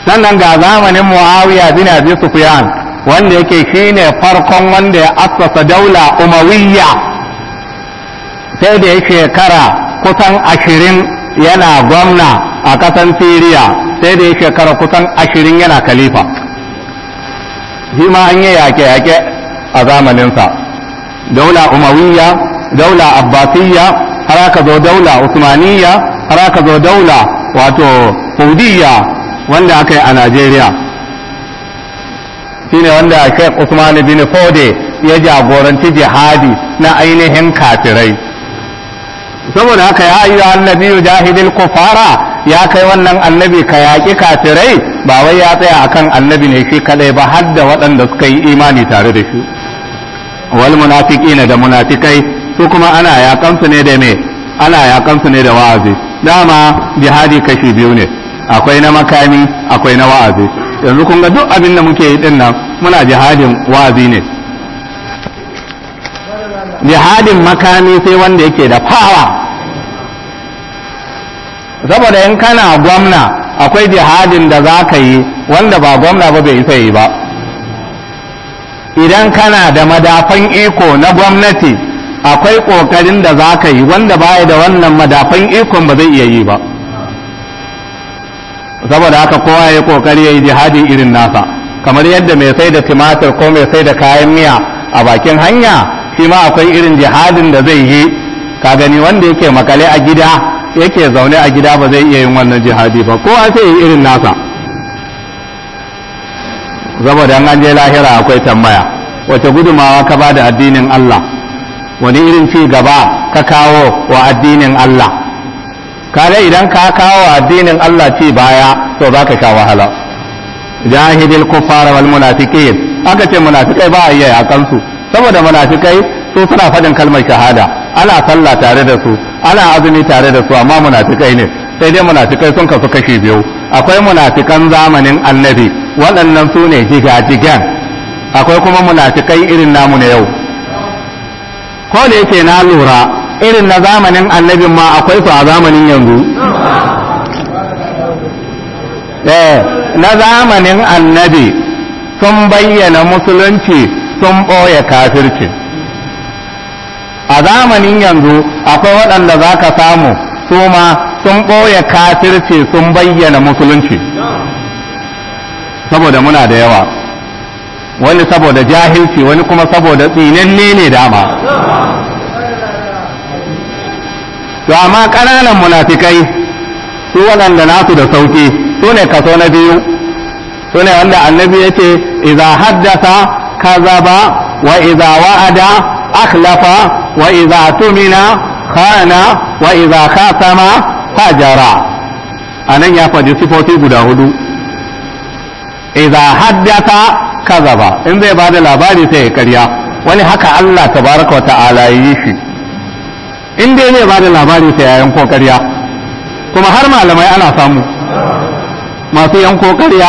sannan ga zamanin Muawiya bin Abi Sufyan wanda yake shine farkon wanda ya asasa daula umawiyya sai da ya shekara kusan ashirin yana gwamna a ƙasan siriya sai da ya shekara kusan ashirin yana khalifa shi ma an yi yaƙe-yaƙe a zamaninsa daula umawiyya daula abbasiyya har aka zo daula usmaniyya har aka zo daula wato hudiyya wanda aka yi a najeriya Shi ne wanda sheikh usman bin fode ya jagoranci jihadi na ainihin kafirai saboda haka ya ayyu annabi jahidil kufara ya kai wannan annabi ka yaƙi kafirai ba wai ya tsaya akan annabi ne shi kadai ba har da waɗanda suka yi imani tare da shi wal munafiqina da munafikai su kuma ana yakan su ne da me ana yakan su ne da wa'azi dama jihadi kashi biyu ne akwai na makami akwai na wa'azi yanzu kun ga duk abin da muke yi din muna jihadin wa'azi ne jihadin makami sai wanda yake da fawa saboda in kana gwamna akwai jihadin da za ka yi wanda ba gwamna ba bai isa yi ba idan kana da madafan iko na gwamnati akwai ƙoƙarin da za ka yi wanda baya da wannan madafan ikon ba zai iya yi ba saboda haka kowa ya ƙoƙari ya yi jihadi irin nasa kamar yadda mai sai da timatir ko mai sai da kayan miya a bakin hanya shi ma akwai irin jihadin da zai yi ka gani wanda yake makale a gida yake zaune a gida ba zai iya yin wannan jihadi ba kowa sai yi irin nasa saboda an je lahira akwai tambaya wace gudumawa ka ba da addinin Allah wani irin ci gaba ka kawo wa addinin Allah kare idan ka kawo wa addinin Allah ci baya to za ka sha wahala jahidil kuffar wal munafiqin aka ce munafikai ba a yi a kansu saboda munafikai su suna faɗin kalmar shahada ana sallah tare da su ana azumi tare da su amma munafikai ne sai dai munafikai sun kasu kashi biyu akwai munafikan zamanin annabi waɗannan su ne jigajigan akwai kuma munafikai irin namu na yau ko da yake na lura irin na zamanin annabin ma akwai su a zamanin yanzu eh, na zamanin annabi sun bayyana musulunci sun ɓoye kafirci a zamanin yanzu akwai waɗanda za ka samu su ma sun ɓoye kafirci sun bayyana musulunci saboda muna da yawa wani saboda jahilci wani kuma saboda tsinanne ne dama to amma ƙananan munafikai su waɗanda nasu da sauƙi su ne kaso na biyu su ne wanda annabi ya ce iza haddasa كذب وإذا وعد أخلف وإذا تمن خان وإذا خاتم فجر أنا يا فدي صفوتي غدا هدو إذا حدث كذب إن ذي بعد الأبادي سيكريا wani haka Allah tabaraka wa ta'ala yi shi in dai zai bada labari sai ya yanko ƙarya kuma har malamai ana samu masu yanko karya.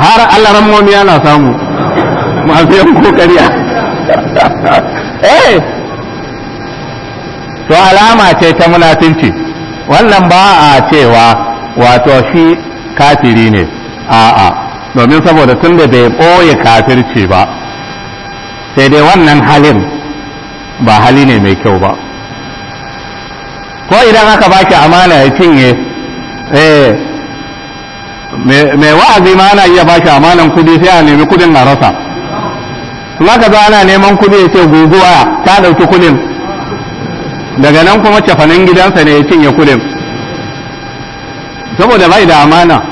har Allah momi yana samu masu yan kariya. eh to alama ce ta munafinci wannan ba a cewa wato shi kafiri ne a'a domin saboda tun da bai ɓoye kafirci ba sai dai wannan halin ba hali ne mai kyau ba ko idan aka baki amana ya cinye eh mai wa'azi ma ana iya bashi amanan kudi sai a nemi kudin na rasa kuma ka zo ana neman kudi ya ce guguwa ta ɗauki kudin daga nan kuma cafanin gidansa ne ya cinye kudin saboda bai da amana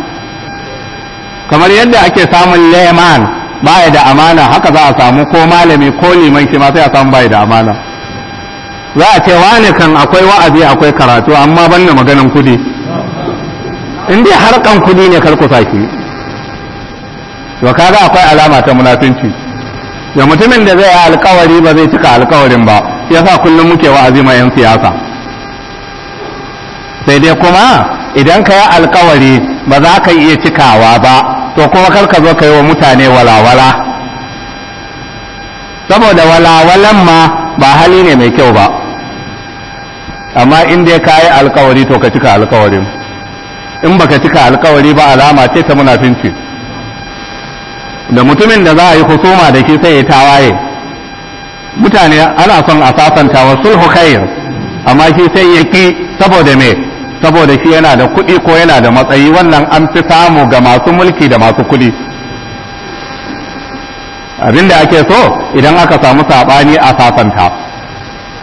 kamar yadda ake samun leman baya da amana haka za a samu ko malami ko liman ma sai a samu bai da amana za a ce wane kan akwai wa'azi akwai karatu amma ban na maganan kudi in dai harkan kudi ne kar ku to kaga akwai alama ta munafinci da mutumin da zai yi alkawari ba zai cika alkawarin ba yasa kullum muke wa'azi ma 'yan siyasa sai dai kuma idan ka yi alkawari ba za ka iya cikawa ba to kuma kar ka zo ka yi wa mutane walawala saboda walawalan ma ba hali ne mai kyau ba amma in dai ka yi alkawari to ka cika alkawarin in baka cika alkawari ba alama ce ta munafinci da mutumin da za a yi husuma da ke sai ya tawaye mutane ana son a sasanta wa sulhu khair amma shi sai ya ki saboda me saboda shi yana da kuɗi ko yana da matsayi wannan an fi samu ga masu mulki da masu kuɗi abin da ake so idan aka samu saɓani a sasanta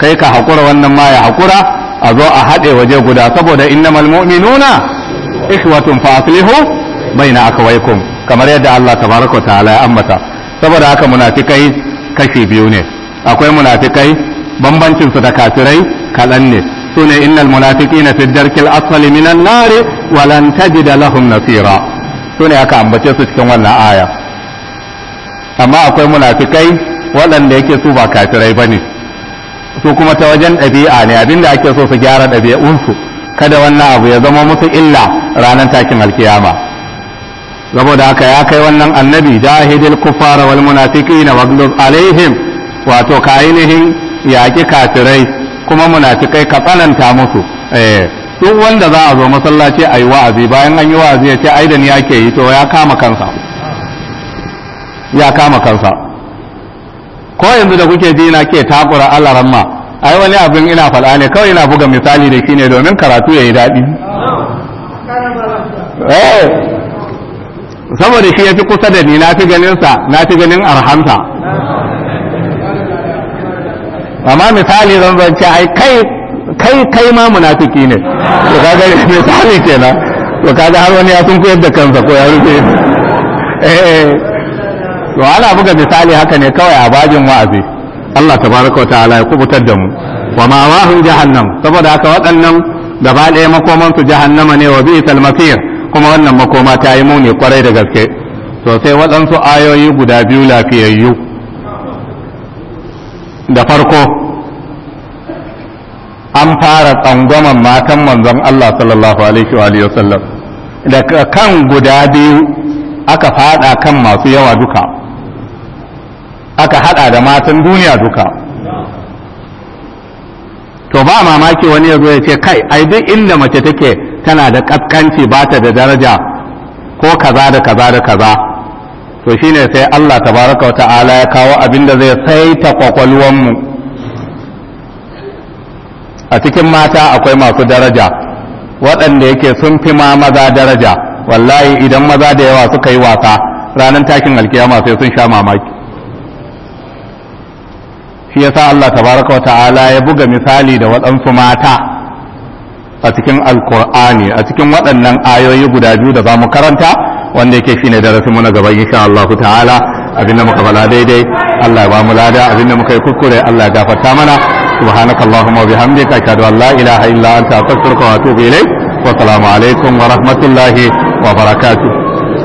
kai ka haƙura wannan ma ya haƙura a zo a haɗe waje guda saboda innamal mu'minuna ikhwatun fa aslihu baina akawaikum kamar yadda Allah tabaraka ta'ala ya ambata saboda haka munafikai kashi biyu ne akwai munafikai bambancin su da kafirai kalan ne sune innal munafiqina fi darkil asfali minan nar wa lan tajida lahum nasira sune aka ambace su cikin wannan aya amma akwai munafikai waɗanda yake su ba kafirai bane su kuma ta wajen ɗabi'a ne abinda ake so su gyara ɗabi'unsu kada wannan abu ya zama musu illa ranar takin alkiyama saboda haka ya kai wannan annabi jahidil kufara wal munafiqina waghlub alaihim wato ka ainihin yaƙi kafirai kuma munafikai ka tsananta musu eh duk wanda za a zo masallaci a yi wa'azi bayan an yi wa'azi ya ce ai da ni yi to ya kama kansa ya kama kansa ko yanzu da kuke ji na ke takura alaramma ai wani abin ina faɗa ne kawai ina buga misali da shi ne domin karatu ya yi daɗi eh, saboda shi ya fi kusa da ni na fi sa na fi ganin arhamsa amma misali zan zance ai kai kai kai ma munafiki ne to kaga misali kenan to kaga har wani ya sun koyar da kansa ko ya rufe eh, eh to ana buga misali haka ne kawai a bajin wa'azi Allah tabaraka ta'ala ya kubutar da mu wa ma'awahum jahannam saboda haka waɗannan gaba ɗaya makoman su jahannama ne wa bi'sal masir kuma wannan makoma ta yi muni kwarai da gaske to sai waɗansu ayoyi guda biyu lafiyayyu da farko an fara tsangwaman matan manzon Allah sallallahu alaihi wa alihi wasallam da kan guda biyu aka fada kan masu yawa duka aka haɗa da matan duniya duka to ba mamaki wani yazo ya ce kai ai duk inda mace take tana da kaskanci ba ta da daraja ko kaza da kaza da kaza to shine sai Allah tabaraka wa ta'ala ya kawo abin da zai saita kwakwalwan mu a cikin mata akwai masu daraja waɗanda yake sun fi ma maza daraja wallahi idan maza da yawa suka yi wasa ranar takin alkiyama sai sun sha mamaki shi yasa Allah tabaraka wa ta'ala ya buga misali da waɗansu mata a cikin alkur'ani a cikin waɗannan ayoyi guda biyu da za mu karanta wanda yake ne darasin mu na gaba insha Allah ta'ala abinda muka bala daidai Allah ya ba mu lada abinda muka yi kuskure Allah ya gafarta mana subhanaka allahumma wa bihamdika ashhadu an la ilaha illa anta astaghfiruka wa wa assalamu alaikum wa rahmatullahi wa barakatuh